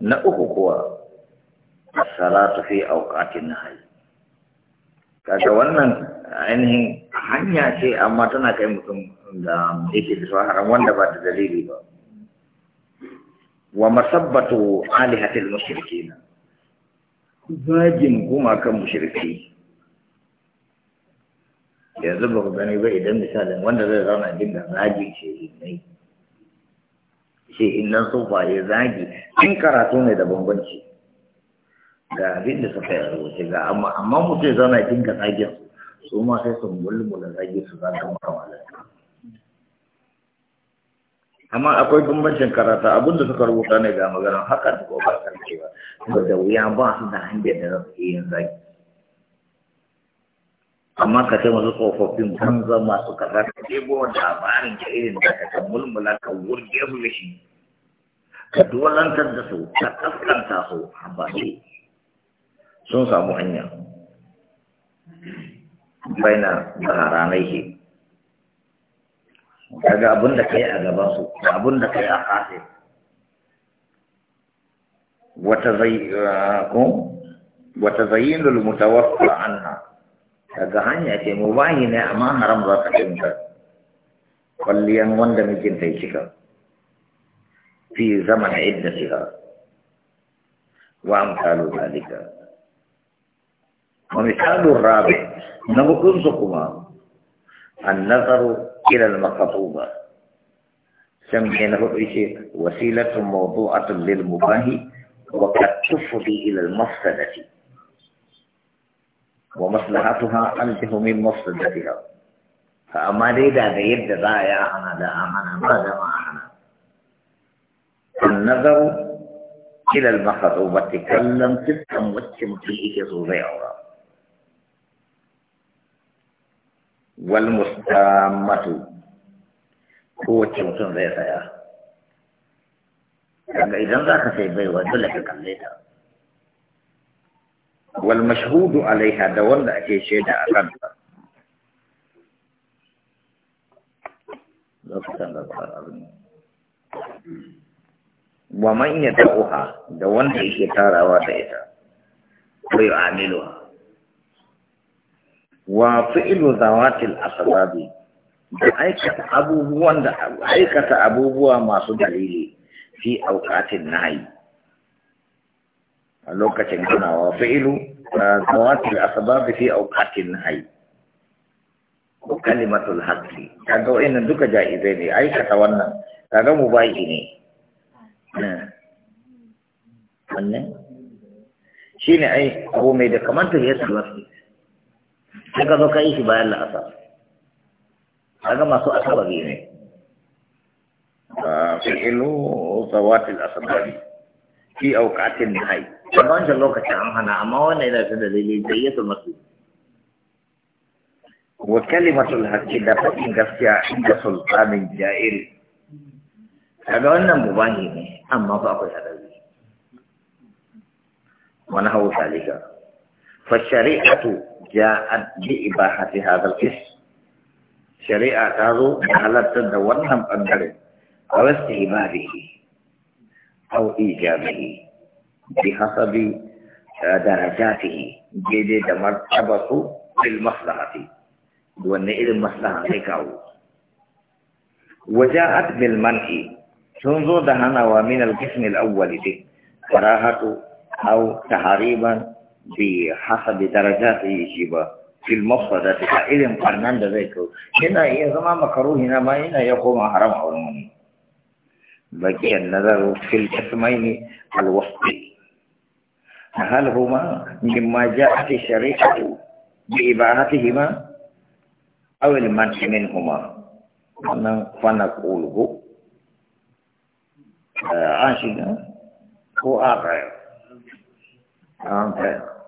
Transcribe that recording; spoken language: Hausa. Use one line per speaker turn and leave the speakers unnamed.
na uku kuwa salatu fi auqatin nahi kaga wannan ainihin hanya ce amma tana kai mutum da yake da haram wanda ba da dalili ba wa masabbatu alihatil mushrikin zagin kan mushriki yanzu ba ku gani ba idan misalin wanda zai zauna dinga zagin shi ne ce innan ya zagi in karatu ne da bambanci ga abin da suka yi rubuce ga amma amma mutum zana ya dinga zagin su ma sai su mulmula zagin su zaga maka malaka amma akwai bambancin karatu abin da suka rubuta ne ga maganar haka ko ba ta cewa ba da wuya ba su da hanyar da za su yin zagi amma ka ce masu tsofaffin su masu kaza ka ɗebo labarin ka irin da ka mulmula ka wurge mu shi ka dolantar da su ka kaskanta su a bashi sun samu hanya baina da haranai shi daga abin da kai a gaban su abin da kai a kafin wata zai ah, ko wata wasu da mutawaffa anna daga hanya ce mu bayi ne amma haram za ka cin kwalliyan wanda mijinta ya cika في زمن عدتها وأمثال ذلك ومثال الرابع نبكنسكما النظر إلى المخطوبة سمينه إيش وسيلة موضوعة للمباهي وقد تفضي إلى المفسدة ومصلحتها أنته من مفسدتها فأما ليدا بيد ضايع أنا لا أنا ما جماعة النظر الى البقر وبتكلم تفهم وتشم في ايكس وزيعها والمستامة كوتشم تن زيعها اذا ذاك سيبي ودلك قليلا والمشهود عليها دولة لأشي شيدا أقنطا لا تتنظر wa man ya ta'uha da wanda yake tarawa da ita ya yu'amiluha wa fi'lu zawatil asbabi da aikata abubuwan da aikata abubuwa masu dalili fi awqatin nahi a lokacin kana wa fi'lu uh, zawatil asbabi fi awqatin nahi kalimatul haqqi kaga wannan duka jaizai ne aikata wannan kaga mubahi ne Eh. wannan shi ne ai abu mai da kamar tafiyar salafi sai ka zo ka yi shi bayan a ga masu asabari ne fi'ilu zawatil asabari fi auqatin hai a wancan lokacin an hana amma wannan yana da dalili bayyatul masu wa kalimatul haqqi da fadin gaskiya inda sultanin ja'ir kaga wannan mubahi ne أما بعض هذا الوجه ونهو ذلك فالشريعة جاءت بإباحة هذا القسم شريعة تازو هل تدورهم أنهل أو استهباره أو إيجابه بحسب درجاته جيدة مرتبة بالمصلحة وأن إذن مصلحة لكاو وجاءت بالمنحي تنظر دهنا ومن القسم الأول دي كراهة أو تحريبا بحسب درجات يجيبا في المفردة كإذن قرنان ده ذكر هنا إيه؟ ما مكروه هنا ما هنا يقوم حرام أو المني بقي النظر في القسمين الوسطي هل هما مما جاءت الشريعة بإباحتهما أو المنع منهما فنقوله an shiga ko a